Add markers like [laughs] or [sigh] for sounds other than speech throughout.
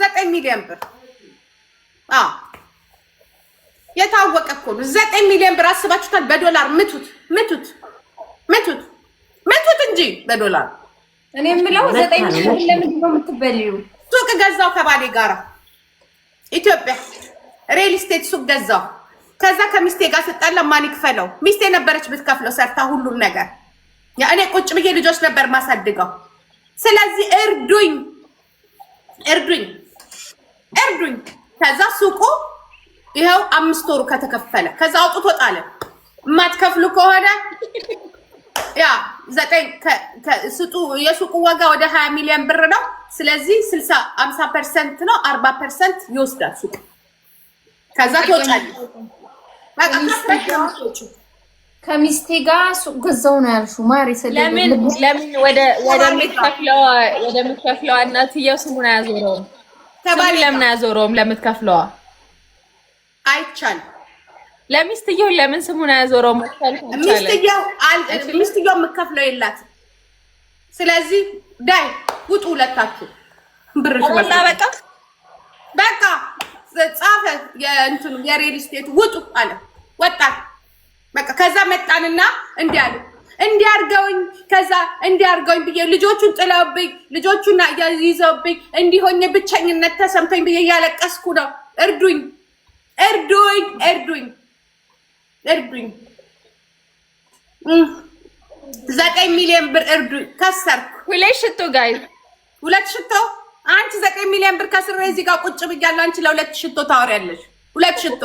ዘጠኝ ሚሊዮን ብር የታወቀ እኮ ነው። ዘጠኝ ሚሊዮን ብር አስባችሁታል? በዶላር ምቱት ምቱት ምቱት ምቱት እንጂ በዶላር እኔ የምለው ዘጠኝ ሚሊዮን ብር ለምንድን ነው የምትበልዩ? ሱቅ ገዛው ከባሌ ጋራ ኢትዮጵያ ሪል ስቴት ሱቅ ገዛው። ከዛ ከሚስቴ ጋር ስጣላ ማን ይክፈለው? ሚስቴ ነበረች ብትከፍለው ሰርታ ሁሉም ነገር እኔ ቁጭ ብዬ ልጆች ነበር ማሳድገው። ስለዚህ እርዱኝ ይኸው አምስት ወሩ ከተከፈለ ከዛ አውጥቶ ጣለ። የማትከፍሉ ከሆነ ያ ዘጠኝ ስጡ። የሱቁ ዋጋ ወደ ሀያ ሚሊዮን ብር ነው። ስለዚህ ስልሳ አምሳ ፐርሰንት ነው አርባ ፐርሰንት ይወስዳል ሱቁ። ከዛ ትወጫለሽ። ከሚስቴ ጋር ሱቅ ገዛው ነው ያልሽው ማሪ? ለምን ለምን ወደ ወደምትከፍለዋ እናትየው ስሙን አያዞረውም? ለምን አያዞረውም ለምትከፍለዋ አይቻል ለሚስትየው ለምን ስሙን አያዞረው? ሚስትየው የምከፍለው የላት ስለዚህ ዳይ ውጡ ሁለታችሁ። ብርሽ በቃ በቃ ጻፈ። የእንትኑ የሬል ስቴት ውጡ አለ። ወጣን በቃ። ከዛ መጣንና እንዲ አሉ እንዲያርገውኝ ከዛ እንዲያርገውኝ ብዬ ልጆቹን ጥለውብኝ ልጆቹን ይዘውብኝ እንዲሆኝ ብቸኝነት ተሰምቶኝ ብዬ እያለቀስኩ ነው። እርዱኝ እርዱኝ፣ እርዱኝ ዘጠኝ ሚሊዮን ብር እርዱኝ። ከሰርኩ ሁለት ሽቶ ጋይ ሁለት ሽቶ አንቺ ዘጠኝ ሚሊዮን ብር ከስሬ እዚህ ጋር ቁጭ ብያለሁ። አንቺ ለሁለት ሽቶ ታወሪያለሽ። ሁለት ሽቶ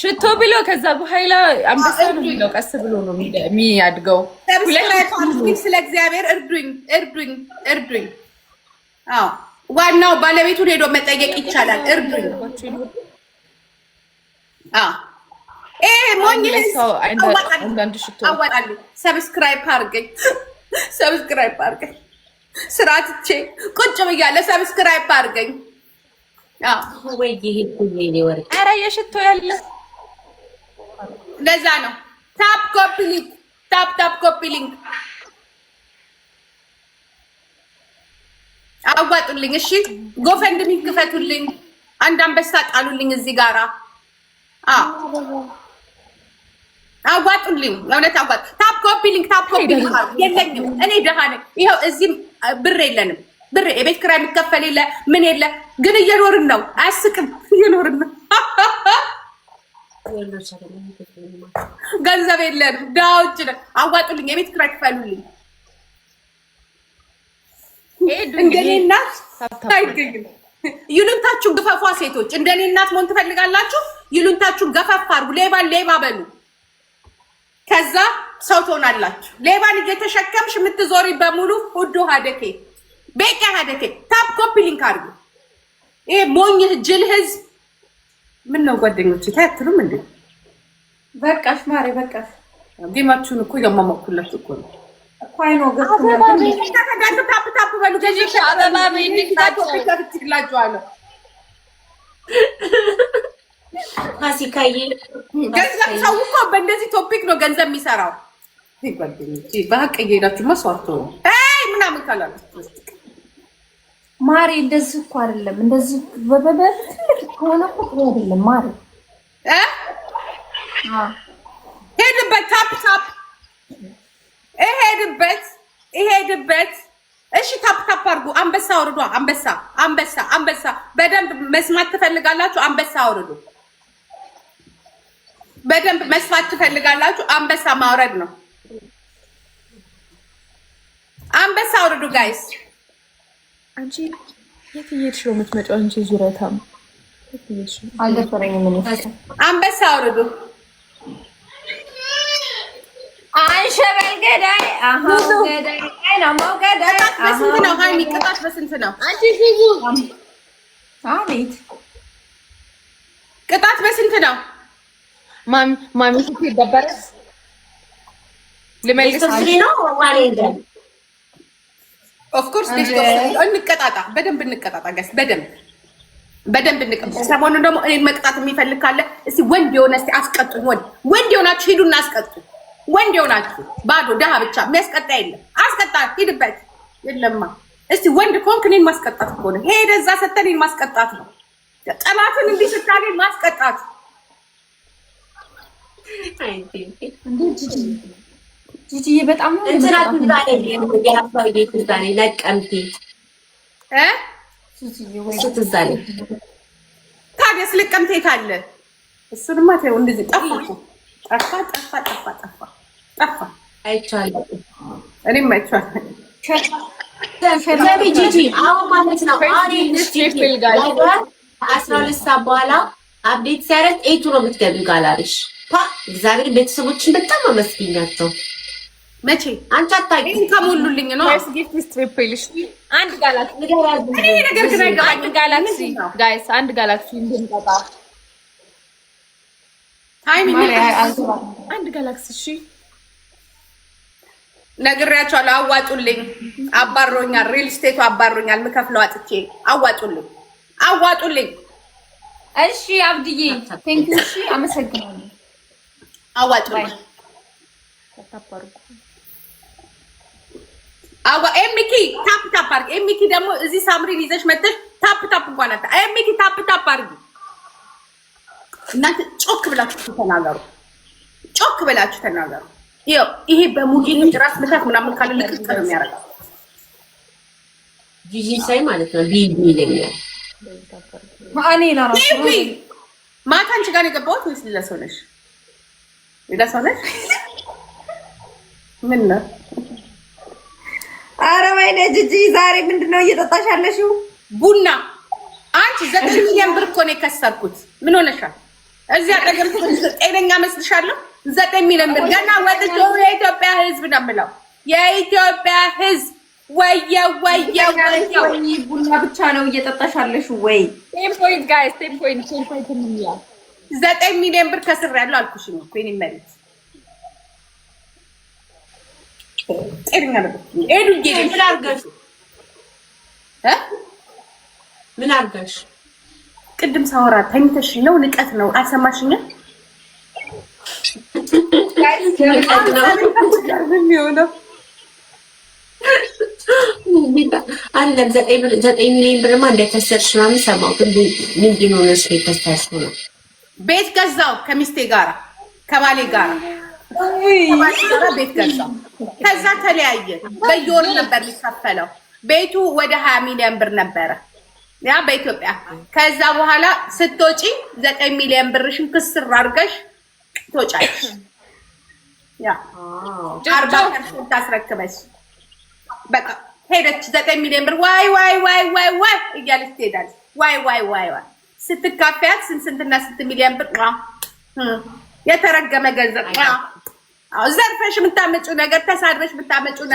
ሽቶ ብሎ ከዛ በኋላ አንበሳ ነው የሚለው። ቀስ ብሎ ነው የሚያድገው። ስለ እግዚአብሔር እርዱኝ፣ እርዱኝ፣ እርዱኝ። አዎ ዋናው ባለቤቱን ሄዶ መጠየቅ ይቻላል። እርዱኝ። አዎ ሰብስክራይብ አድርገኝ፣ [laughs] ሰብስክራይብ አድርገኝ። ስራ ትቼ ቁጭ ብያለሁ። ሰብስክራይብ አድርገኝ። ኧረ የሽቶ ያለ ለዛ ነው ታፕ Tap, tap, ኮፒ ሊንክ አዋጡልኝ። እሺ ጎፈንድሚ ክፈቱልኝ። አንድ አንበሳ ጣሉልኝ እዚህ ጋራ አዋጡልኝ። እውነት አዋጡ። ታፕ ኮፒ ሊንክ፣ ታፕ ኮፒ የለኝም እኔ ደሃ ነኝ። ይኸው እዚህም ብር የለንም። ብር የቤት ኪራይ የሚከፈል የለ ምን የለ፣ ግን እየኖርን ነው። አያስቅም፣ እየኖርን ነው። ገንዘብ የለን ዳዎች ነ አዋጡልኝ፣ የቤት ኪራይ ክፈሉልኝ። እንደኔ እናት አይገኝም። ይሉንታችሁን ሴቶች እንደኔ እናት መሆን ትፈልጋላችሁ? ይሉንታችሁን ገፈፍ አድርጉ። ሌባን ሌባ በሉ። ከዛ ሰው ትሆናላችሁ። ሌባን እየተሸከምሽ የምትዞሪ በሙሉ ሁዶ ሀደኬ ቤቄ ሀደኬ ታፕ ኮፒ ሊንክ አድርጉ። ይሄ ሞኝ ጅል ህዝብ ምን ነው ጓደኞች ታያትሉም እንዴ? በቃሽ ማሬ በቃሽ። ጌማችሁን እኮ እያሟሟኩላችሁ እኮ ነው እኮ አይ ነው ገንዘብ በእንደዚህ ቶፒክ ነው ገንዘብ የሚሰራው። በሀቅ እየሄዳችሁ መስዋዕት ምናምን ካላሉ ማሬ እንደዚህ እኮ አይደለም እንደዚህ ከሆነ ጥሩ አይደለም። ማሪ ሄድበት፣ ታፕ ታፕ፣ ሄድበት፣ ሄድበት። እሺ ታፕ ታፕ አድርጉ። አንበሳ አውርዷ። አንበሳ አንበሳ አንበሳ። በደንብ መስማት ትፈልጋላችሁ? አንበሳ አውርዱ። በደንብ መስማት ትፈልጋላችሁ? አንበሳ ማውረድ ነው። አንበሳ አውርዱ ጋይስ። አንቺ የት እየሄድሽ ነው የምትመጪው? አንቺ ዙረታም አልደፈረኝም። አንበሳ አውርዱ። አንሸበል ገዳይ ቅጣት በስንት ነው? አቤት ቅጣት በስንት ነው? ማሚ ነበረስ ልመልስ ነው። ኦፍኮርስ እንቀጣጣ፣ በደንብ እንቀጣጣ። ገስ በደንብ በደንብ እንቀጥል። ሰሞኑን ደግሞ እኔን መቅጣት የሚፈልግ ካለ እስቲ ወንድ የሆነ እስቲ አስቀጡኝ። ወንድ ወንድ የሆናችሁ ሂዱና አስቀጡ። ወንድ የሆናችሁ ባዶ ድሃ ብቻ የሚያስቀጣ የለም። አስቀጣ ሂድበት። የለማ እስቲ ወንድ ከሆንክ እኔን ማስቀጣት ከሆነ ሄደ እዛ ሰተ እኔን ማስቀጣት ነው። ጠላትን እንዲህ ስታገኝ ማስቀጣት ጂጂዬ በጣም ነው እንትና ትዛኔ ለቀምቴ ስትዛኔ ታዲያስ ልቀምቴ ካለ እሱንማ ተይው። እንደዚህ ጠፋ ጠፋ ጠፋ ጠፋ ጠፋ ጠፋ አይቼዋለሁ። እኔም አይቼዋለሁ። ጂጂ አሁን ማለት ነው ከአስራ ሁለት ሰዓት በኋላ አብዴት ሲያደርግ ኤቱ ነው የምትገቢው ካላለሽ እግዚአብሔር ቤተሰቦችን በጣም አመስግኛቸው። መቼ አንቺ አታውቂም። ከሞሉልኝ ነው አንድ ጋላክሲ ጋይስ፣ አንድ ጋላክሲ እንድንጠጣ አንድ ጋላክሲ። እሺ ነግሬያቸዋለሁ። አዋጡልኝ፣ አባሮኛል። ሪል ስቴቱ አባሮኛል። ምከፍለው አጥቼ አዋጡልኝ፣ አዋጡልኝ። እሺ አብድዬ ቴንክ እሺ አመሰግናለሁ። አዋጡልኝ። አዋ ኤሚኪ ታፕ ታፕ አድርጊ። ኤሚኪ ደግሞ እዚህ ሳምሪን ይዘሽ መተሽ ታፕ ታፕ እንኳን አታ ኤሚኪ ታፕ ታፕ አድርጊ። እናንተ ጮክ ብላችሁ ተናገሩ፣ ጮክ ብላችሁ ተናገሩ። ይኸው ይሄ በሙጌን ራስ መታት ምናምን ካለ ልቅቅ ነው የሚያደርገው። ጂጂ ሳይ ማለት ነው ቢቢ ይለኛል። ማአኔ ለራሱ ማታ አንቺ ጋር የገባሁት ወይስ ሌላ ሰው ነሽ? ሌላ ሰው ነሽ? ምን ነው ወይኔ ጅጂ ዛሬ ምንድነው እየጠጣሽ ያለሽው? ቡና። አንቺ ዘጠኝ ሚሊዮን ብር እኮ ነው የከሰርኩት። ምን ሆነሻል? እዚህ አጠገብ ጤነኛ መስልሻለሁ? ዘጠኝ ሚሊዮን ብር ገና ወጥቼ የኢትዮጵያ ሕዝብ ነው የምለው የኢትዮጵያ ሕዝብ ወየ ወየ ቡና ብቻ ነው እየጠጣሽ ያለሽው ወይ? ቴን ፖይንት ጋይስ ቴን ፖይንት ቴን ፖይንት ዘጠኝ ሚሊዮን ብር ከስር ያለው አልኩሽ ነው ኮይን መሬት ምን አድርገሽ ቅድም ሳወራ ተኝተሽ ነው? ንቀት ነው። አልሰማሽኝም? አይደለም ዘጠኝ ብርማ እንደከሰርሽ ምናምን ሰማሁ። ግን ምንድን ሆነሽ ነው? ቤት ገዛው ከሚስቴ ጋር ከባሌ ጋር ቤት ገዛ። ከዛ ተለያየ። በየወሩ ነበር የሚከፈለው። ቤቱ ወደ ሀያ ሚሊዮን ብር ነበረ ያ በኢትዮጵያ። ከዛ በኋላ ስትወጪ ዘጠኝ ሚሊዮን ብርሽን ክስር አድርገሽ ትወጫለሽ። አርባ ፐርሰንት አስረክበሽ በቃ ሄደች። ዘጠኝ ሚሊዮን ብር ዋይ ዋይ ዋይ ዋይ ዋይ እያለች ትሄዳለች። ዋይ ዋይ ዋይ ዋይ ስትካፈያት ስንት ስንትና ስንት ሚሊዮን ብር የተረገመ ገንዘብ ዘርፈሽ የምታመጪው ነገር ተሳድበሽ የምታመጪው